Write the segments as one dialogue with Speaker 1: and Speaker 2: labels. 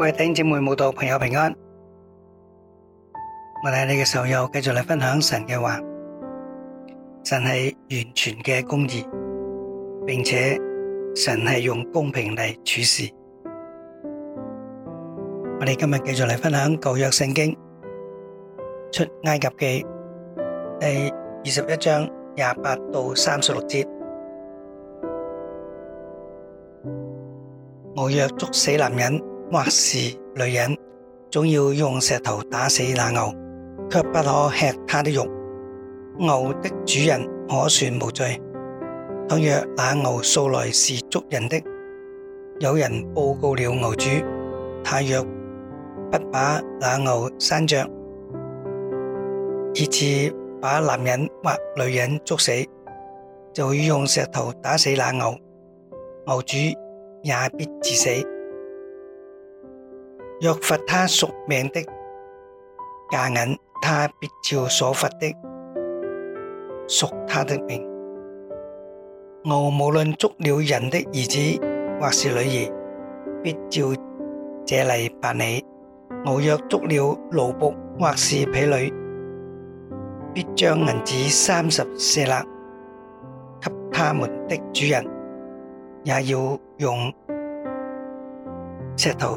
Speaker 1: 各位弟兄姊妹、信徒、慕道朋友平安，我係你嘅受友，繼續嚟分享神嘅話。神係完全嘅公義，並且神係用公平嚟處事。我哋今日繼續嚟分享舊約聖經出埃及記第二十一章廿八到三十六節。我若觸死男人。或是女人總要用石頭打死那牛，卻不可吃它的肉。牛的主人可算無罪。倘若那牛素來是捉人的，有人報告了牛主，他若不把那牛拴着，以致把男人或女人捉死，就要用石頭打死那牛，牛主也必治死。若罰他贖命的價銀，他必照所罰的贖他的命；牛無論捉了人的兒子或是女兒，必照這例辦理；牛若捉了奴僕或是婢女，必將銀子三十舍勒給他們的主人，也要用石頭。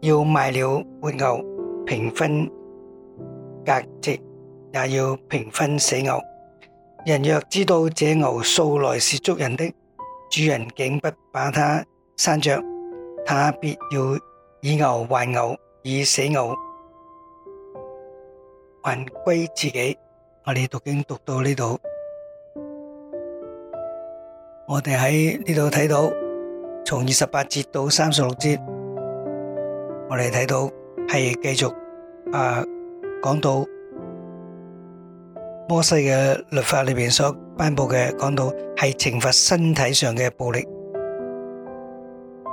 Speaker 1: 要賣了活牛平分價值，也要平分死牛。人若知道這牛素來是捉人的，主人竟不把它拴着，他必要以牛還牛，以死牛還歸自己。我哋讀經讀到呢度，我哋喺呢度睇到，從二十八節到三十六節。我哋睇到係繼續啊，講到摩西嘅律法裏邊所頒布嘅，講到係懲罰身體上嘅暴力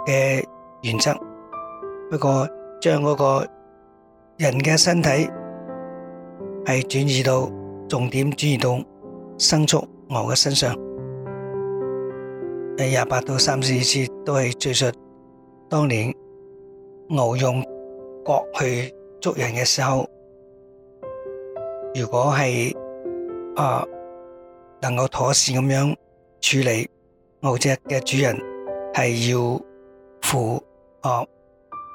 Speaker 1: 嘅原則。不過將嗰個人嘅身體係轉移到重點轉移到牲畜牛嘅身上，誒，廿八到三十二次都係追述當年。牛用角去捉人嘅時候，如果係誒、啊、能夠妥善咁樣處理牛隻嘅主人是負，係要負誒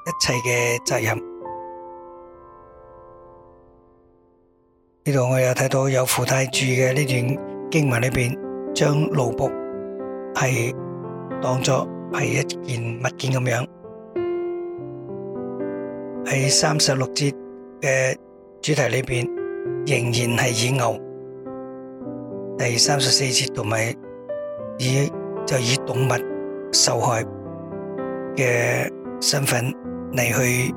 Speaker 1: 一切嘅責任。呢度我又睇到有傅太注嘅呢段經文裏面，將奴僕係當作係一件物件咁樣。喺三十六節嘅主題裏邊，仍然係以牛。第三十四節同埋以就以動物受害嘅身份嚟去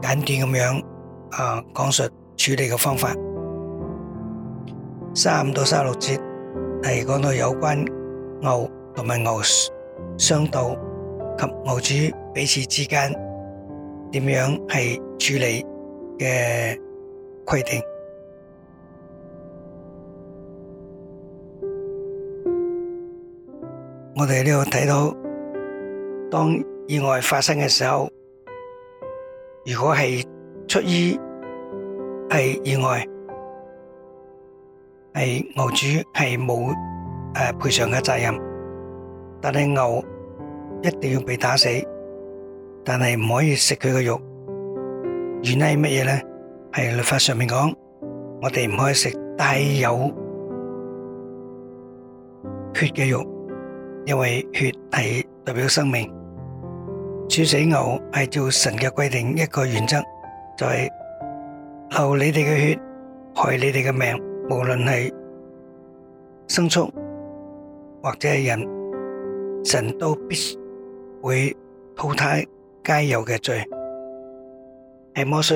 Speaker 1: 簡短咁樣啊講述處理嘅方法。三五到三十六節係講到有關牛同埋牛相鬥及牛主彼此之間。點樣係處理嘅規定？我哋呢度睇到，當意外發生嘅時候，如果係出於係意外，係牛主係冇誒賠償嘅責任，但係牛一定要被打死，但係唔可以食佢嘅肉，原因係乜嘢咧？係律法上面講，我哋唔可以食帶有血嘅肉，因為血係代表生命。處死牛係照神嘅規定一個原則，就係流你哋嘅血，害你哋嘅命，無論係牲畜或者係人，神都必須會淘汰。皆有嘅罪，喺摩西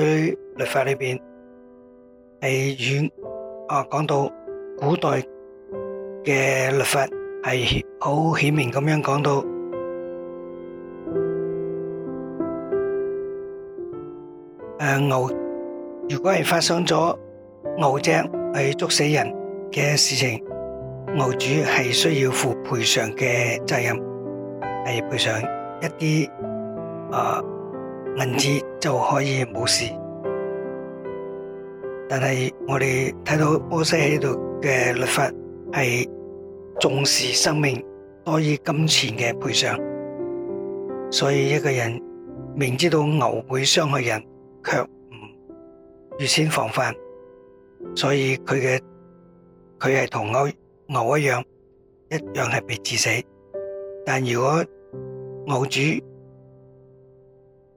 Speaker 1: 律法裏邊，係遠啊講到古代嘅律法，係好顯明咁樣講到，誒牛，如果係發生咗牛隻係捉死人嘅事情，牛主係需要負賠償嘅責任，係賠償一啲。啊！銀紙就可以冇事，但係我哋睇到波西喺度嘅律法係重視生命，多於金錢嘅賠償。所以一個人明知道牛會傷害人，卻唔預先防範，所以佢嘅佢係同牛牛一樣，一樣係被致死。但如果牛主，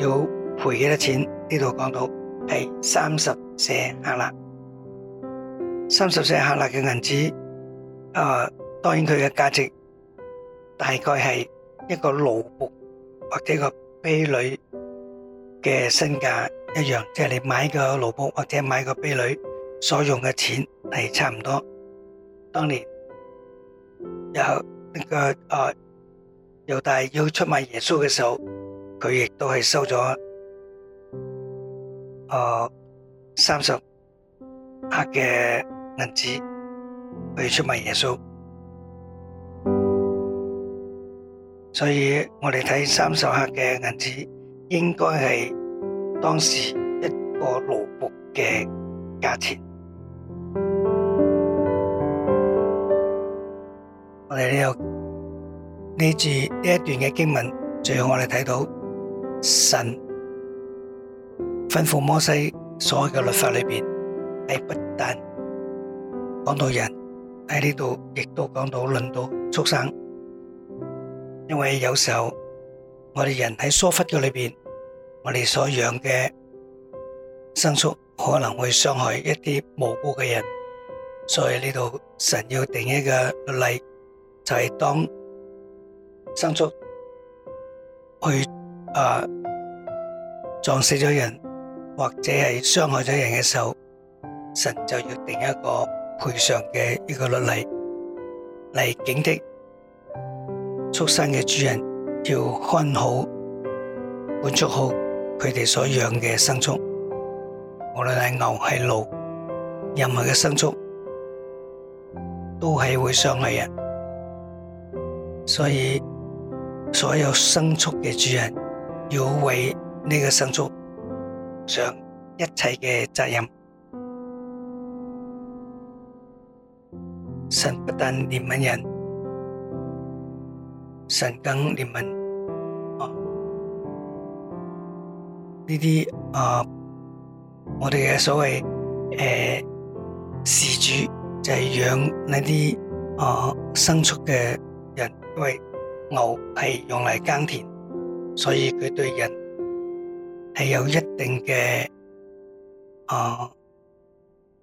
Speaker 1: 要賠幾多錢？呢度講到係三十舍客勒，三十舍客勒嘅銀紙，誒，當然佢嘅價值大概係一個奴僕或者個婢女嘅身價一樣，即係你買個奴僕或者買個婢女所用嘅錢係差唔多。當年有呢個誒，猶大要出賣耶穌嘅時候。佢亦都係收咗，誒，三十克嘅銀子去出賣耶穌，所以我哋睇三十克嘅銀子，應該係當時一個蘿蔔嘅價錢。我哋呢度記住呢一段嘅經文，最後我哋睇到。神吩咐摩西所有嘅律法裏邊，係不但講到人喺呢度，亦都講到論到畜生，因為有時候我哋人喺疏忽嘅裏邊，我哋所養嘅牲畜可能會傷害一啲無辜嘅人，所以呢度神要定一個律例，就係當牲畜去。啊！Uh, 撞死咗人，或者係傷害咗人嘅時候，神就要定一個賠償嘅一個律例嚟警惕畜生嘅主人，要看好、管束好佢哋所養嘅牲畜。無論係牛係鹿，任何嘅牲畜都係會傷害人，所以所有牲畜嘅主人，要為呢個牲畜負上一切嘅責任，神不但憐憫人，神更憐憫哦呢啲啊，我哋嘅所謂誒事主，就係養呢啲啊牲畜嘅人，因為牛係用嚟耕田。所以佢對人係有一定嘅啊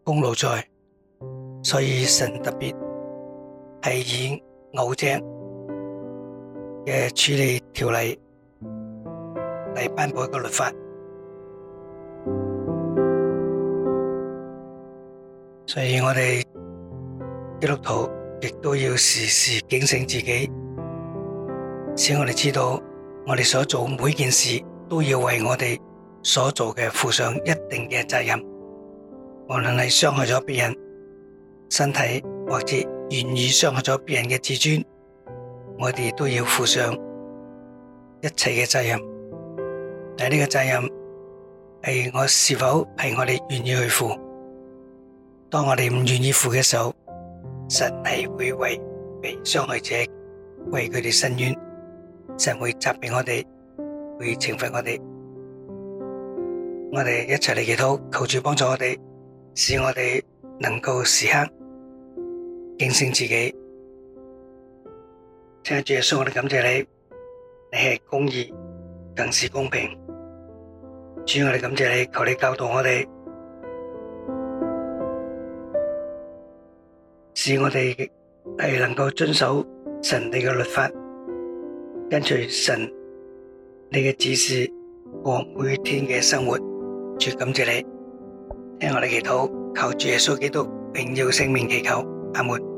Speaker 1: 功勞在，所以神特別係以牛精嘅處理條例嚟頒布一個律法。所以我哋基督徒亦都要時時警醒自己，使我哋知道。我哋所做每件事都要為我哋所做嘅負上一定嘅責任，無論係傷害咗別人身體，或者願意傷害咗別人嘅自尊，我哋都要負上一切嘅責任。但係呢個責任係我是否係我哋願意去負？當我哋唔願意負嘅時候，神係會為被傷害者為佢哋伸冤。神會責備我哋，會懲罰我哋。我哋一齊嚟祈禱，求主幫助我哋，使我哋能夠時刻警醒自己。謝主耶穌，我哋感謝你，你係公義，更是公平。主，我哋感謝你，求你教導我哋，使我哋係能夠遵守神地嘅律法。跟隨神你嘅指示過每天嘅生活，絕感謝你聽我哋祈禱，靠住耶穌基督榮耀聖名祈求，阿門。